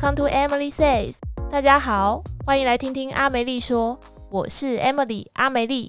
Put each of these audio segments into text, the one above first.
Welcome to Emily Says，大家好，歡迎來聽聽阿梅麗說。我是 Emily 阿梅麗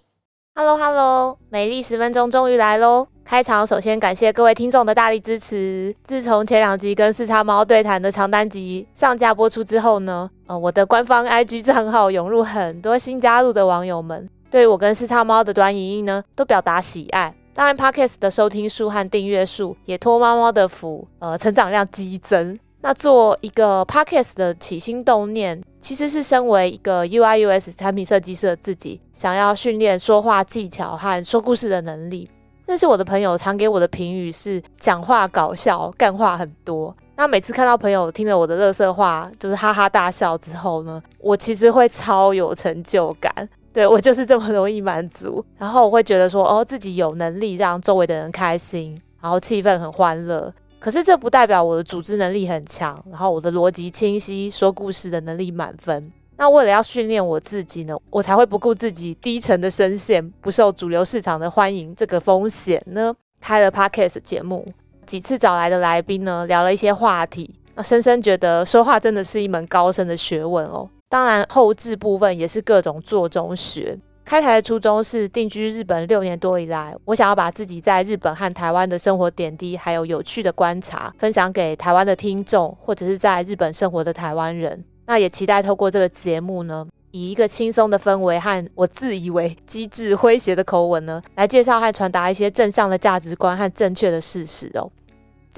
，Hello Hello，沒力十分鐘終於來嘍。開場首先感謝各位聽眾的大力支持。自從前兩集跟四叉貓對談的長單集上架播出之後呢，呃，我的官方 IG 賬號好湧入很多新加入的網友們，對我跟四叉貓的短影音呢都表達喜愛。當然，Podcast 的收聽數和訂閱數也托貓貓的福，呃，成長量激增。那做一個 Podcast 的起心動念，其實是身為一個 UI/US 產品設計師的自己，想要訓練說話技巧和說故事的能力。但是我的朋友常給我的評語是，講話搞笑，幹話很多。那每次看到朋友聽了我的垃圾話，就是哈哈大笑之後呢，我其實會超有成就感。對，我就是這麼容易滿足，然後我會覺得說，哦，自己有能力讓周圍的人開心，然後氣氛很歡樂。可是這不代表我的組織能力很強，然後我的邏輯清晰，說故事的能力滿分。那為了要訓練我自己呢，我才會不顧自己低沉的聲線，不受主流市場的歡迎這個風險呢，開了 Podcast 節目。幾次找來的來賓呢，聊了一些話題，那深深覺得說話真的是一門高深的學問哦。當然，後製部分也是各種做中學。開台的初衷是定居日本六年多以來，我想要把自己在日本和台灣的生活點滴，還有有趣的觀察，分享給台灣的聽眾，或者是在日本生活的台灣人。那也期待透過這個節目呢，以一個輕鬆的氛圍和我自以為機智詼諧的口吻呢，來介紹和傳達一些正向的價值觀和正確的事實哦。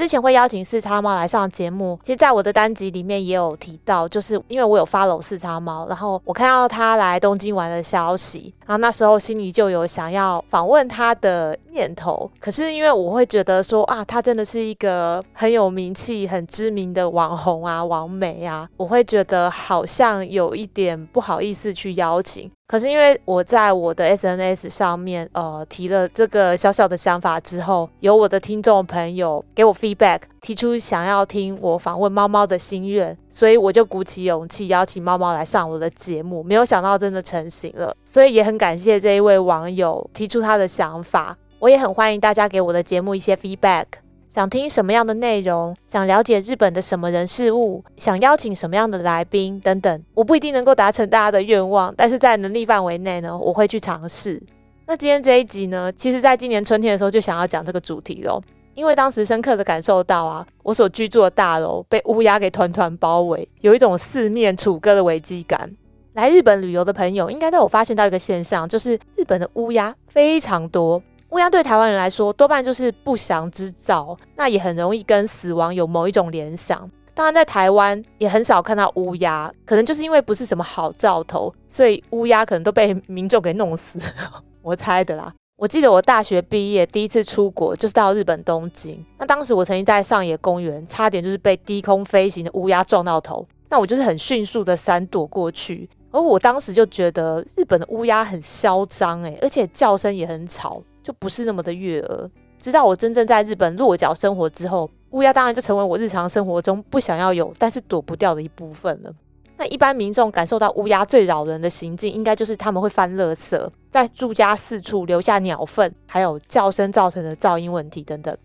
之前會邀請四叉貓來上節目，其實在我的單集裡面也有提到，就是因為我有 follow 四叉貓，然後我看到他來東京玩的消息，然後那時候心裡就有想要訪問他的念頭。可是因為我會覺得說啊，他真的是一個很有名氣、很知名的網紅啊，網美啊，我會覺得好像有一點不好意思去邀請。可是因為我在我的 SNS 上面，呃，提了這個小小的想法之後，有我的聽眾朋友給我 feedback，提出想要聽我訪問貓貓的心願，所以我就鼓起勇氣邀請貓貓來上我的節目。沒有想到真的成型了，所以也很感謝這一位網友提出他的想法。我也很歡迎大家給我的節目一些 feedback。想聽什麼樣的內容？想了解日本的什麼人事物？想邀請什麼樣的來賓等等。我不一定能夠達成大家的願望，但是在能力範圍內呢，我會去嘗試。那今天這一集呢，其實在今年春天的時候就想要講這個主題嘍，因為當時深刻的感受到啊，我所居住的大樓被烏鴉給團團包圍，有一種四面楚歌的危機感。來日本旅遊的朋友應該都有發現到一個現象，就是日本的烏鴉非常多。烏鴉對台灣人來說多半就是不祥之兆，那也很容易跟死亡有某一種聯想。當然，在台灣也很少看到烏鴉，可能就是因為不是什麼好兆頭，所以烏鴉可能都被民眾給弄死，我猜的啦。我記得我大學畢業第一次出國就是到日本東京，那當時我曾經在上野公園，差點就是被低空飛行的烏鴉撞到頭，那我就是很迅速的閃躲過去，而我當時就覺得日本的烏鴉很囂張，欸，而且叫聲也很吵。就不是那麼的悅耳。直到我真正在日本落腳生活之後，烏鴉當然就成為我日常生活中不想要有，但是躲不掉的一部分了。那一般民眾感受到烏鴉最擾人的行徑，應該就是他們會翻垃圾，在住家四處留下鳥糞，還有叫聲造成的噪音問題等等。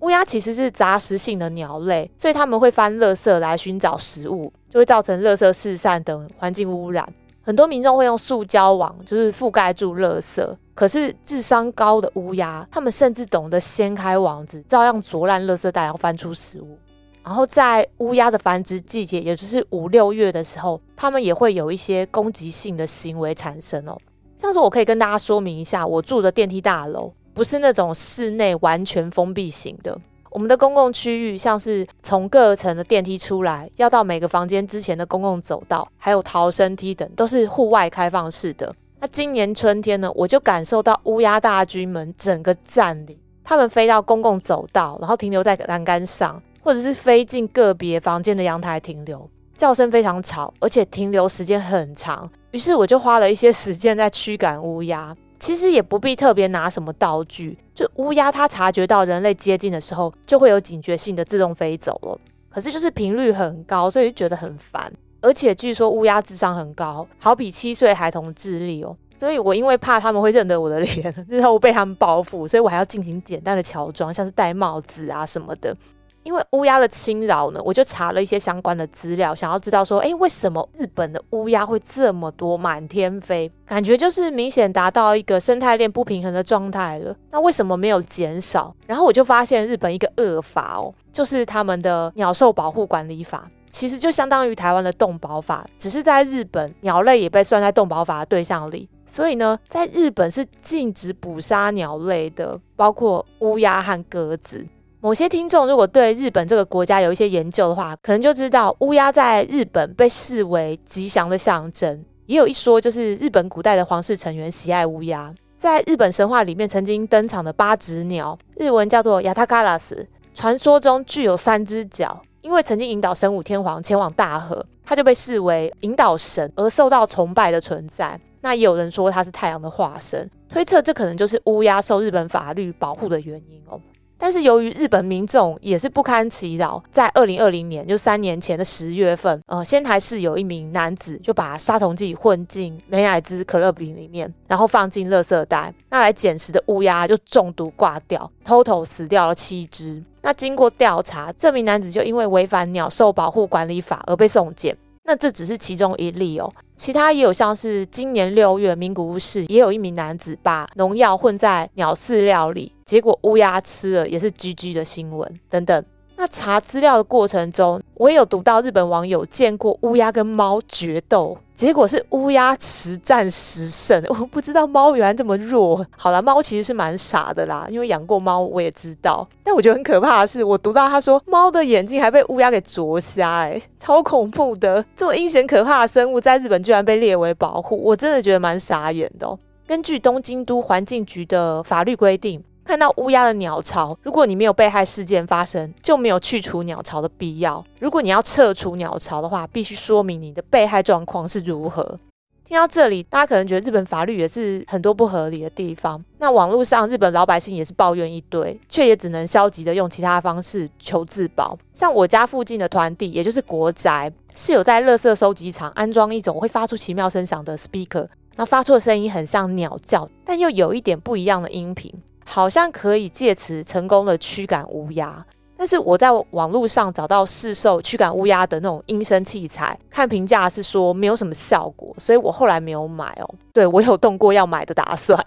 烏鴉其實是雜食性的鳥類，所以他們會翻垃圾來尋找食物，就會造成垃圾四散等環境污染。很多民眾會用塑膠網，就是覆蓋住垃圾。可是智商高的烏鴉，他們甚至懂得掀開網子，照樣啄爛垃圾袋，然後翻出食物。然後在烏鴉的繁殖季節，也就是五六月的時候，他們也會有一些攻擊性的行為產生哦、喔。像是我可以跟大家說明一下，我住的電梯大樓不是那種室內完全封閉型的。我們的公共區域，像是從各層的電梯出來，要到每個房間之前的公共走道，還有逃生梯等，都是戶外開放式的。那今年春天呢，我就感受到烏鴉大軍們整個佔領，它們飛到公共走道，然後停留在欄杆上，或者是飛進個別房間的陽台停留，叫聲非常吵，而且停留時間很長。於是我就花了一些時間在驅趕烏鴉。其實也不必特別拿什麼道具，就烏鴉它察覺到人類接近的時候，就會有警覺性的自動飛走了。可是就是頻率很高，所以就覺得很煩。而且據說烏鴉智商很高，好比七歲孩童智力哦。所以我因為怕他們會認得我的臉，之後被他們報復，所以我還要進行簡單的喬裝，像是戴帽子啊什麼的。因為烏鴉的侵擾呢，我就查了一些相關的資料，想要知道說，誒，為什麼日本的烏鴉會這麼多，滿天飛？感覺就是明顯達到一個生態鏈不平衡的狀態了。那為什麼沒有減少？然後我就發現日本一個惡法哦，就是他們的《鳥獸保護管理法》，其實就相當於台灣的動保法，只是在日本鳥類也被算在動保法的對象裡。所以呢，在日本是禁止捕殺鳥類的，包括烏鴉和鴿子。某些聽眾如果對日本這個國家有一些研究的話，可能就知道烏鴉在日本被視為吉祥的象徵。也有一說，就是日本古代的皇室成員喜愛烏鴉。在日本神話裡面，曾經登場的八隻鳥，日文叫做亞塔卡拉斯，傳說中具有三隻腳。因為曾經引導神武天皇前往大和，它就被視為引導神而受到崇拜的存在。那也有人說它是太陽的化身，推測這可能就是烏鴉受日本法律保護的原因哦。但是由於日本民眾也是不堪其擾，在二零二零年，就三年前的十月份，呃，仙台市有一名男子就把殺蟲劑混進美乃滋可樂瓶裡面，然後放進垃圾袋，那來撿食的烏鴉就中毒掛掉，偷偷死掉了七只。那經過調查，這名男子就因為違反鳥獸保護管理法而被送檢。那這只是其中一例哦。其他也有像是今年六月，名古屋市也有一名男子把農藥混在鳥飼料裡，結果烏鴉吃了也是 GG 的新聞等等。那查資料的過程中，我也有讀到日本網友見過烏鴉跟貓決鬥，結果是烏鴉十戰十勝。我不知道貓原來這麼弱。好啦，貓其實是蠻傻的啦，因為養過貓我也知道。但我覺得很可怕的是，我讀到他說貓的眼睛還被烏鴉給啄瞎，欸，哎，超恐怖的！這麼陰險可怕的生物在日本居然被列為保護，我真的覺得蠻傻眼的喔。根據東京都環境局的法律規定，看到烏鴉的鳥巢，如果你沒有被害事件發生，就沒有去除鳥巢的必要。如果你要撤除鳥巢的話，必須說明你的被害狀況是如何。聽到這裡，大家可能覺得日本法律也是很多不合理的地方。那網絡上日本老百姓也是抱怨一堆，卻也只能消極的用其他方式求自保。像我家附近的團地，也就是國宅，是有在垃圾收集場安裝一種會發出奇妙聲響的 speaker，那發出的聲音很像鳥叫，但又有一點不一樣的音頻。好像可以借此成功的驅趕烏鴉，但是我在網路上找到市售驅趕烏鴉的那種音聲器材，看評價是說沒有什麼效果，所以我後來沒有買哦、喔。對，我有動過要買的打算，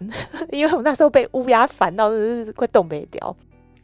因為我那時候被烏鴉煩到，就是、快凍沒掉。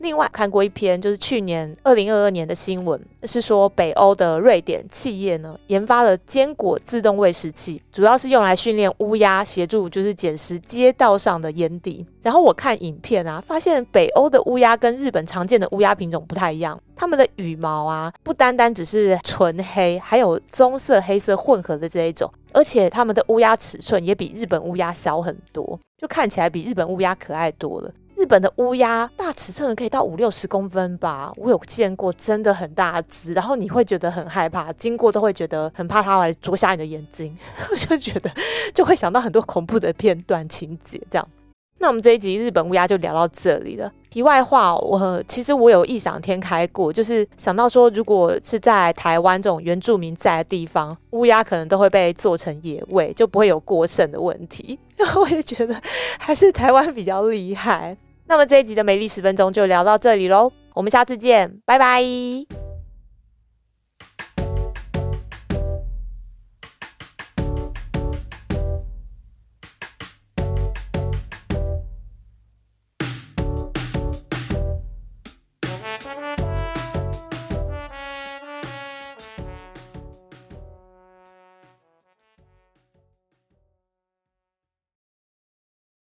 另外看過一篇，就是去年二零二二年的新聞，是說北歐的瑞典企業呢研發了堅果自動餵食器，主要是用來訓練烏鴉，協助就是撿拾街道上的煙蒂。然後我看影片啊，發現北歐的烏鴉跟日本常見的烏鴉品種不太一樣，它們的羽毛啊不單單只是純黑，還有棕色、黑色混合的這一種，而且它們的烏鴉尺寸也比日本烏鴉小很多，就看起來比日本烏鴉可愛多了。日本的烏鴉大尺寸的可以到五六十公分吧，我有見過，真的很大隻。然後你會覺得很害怕，經過都會覺得很怕它來啄瞎你的眼睛，我 就覺得就會想到很多恐怖的片段情節這樣。那我們這一集日本烏鴉就聊到這裡了。題外話，哦，我其實我有異想天開過，就是想到說，如果是在台灣這種原住民在的地方，烏鴉可能都會被做成野味，就不會有過剩的問題。然 後我也覺得還是台灣比較厲害。那麼這一集的沒力十分鐘就聊到這裡嘍，我們下次見，拜拜。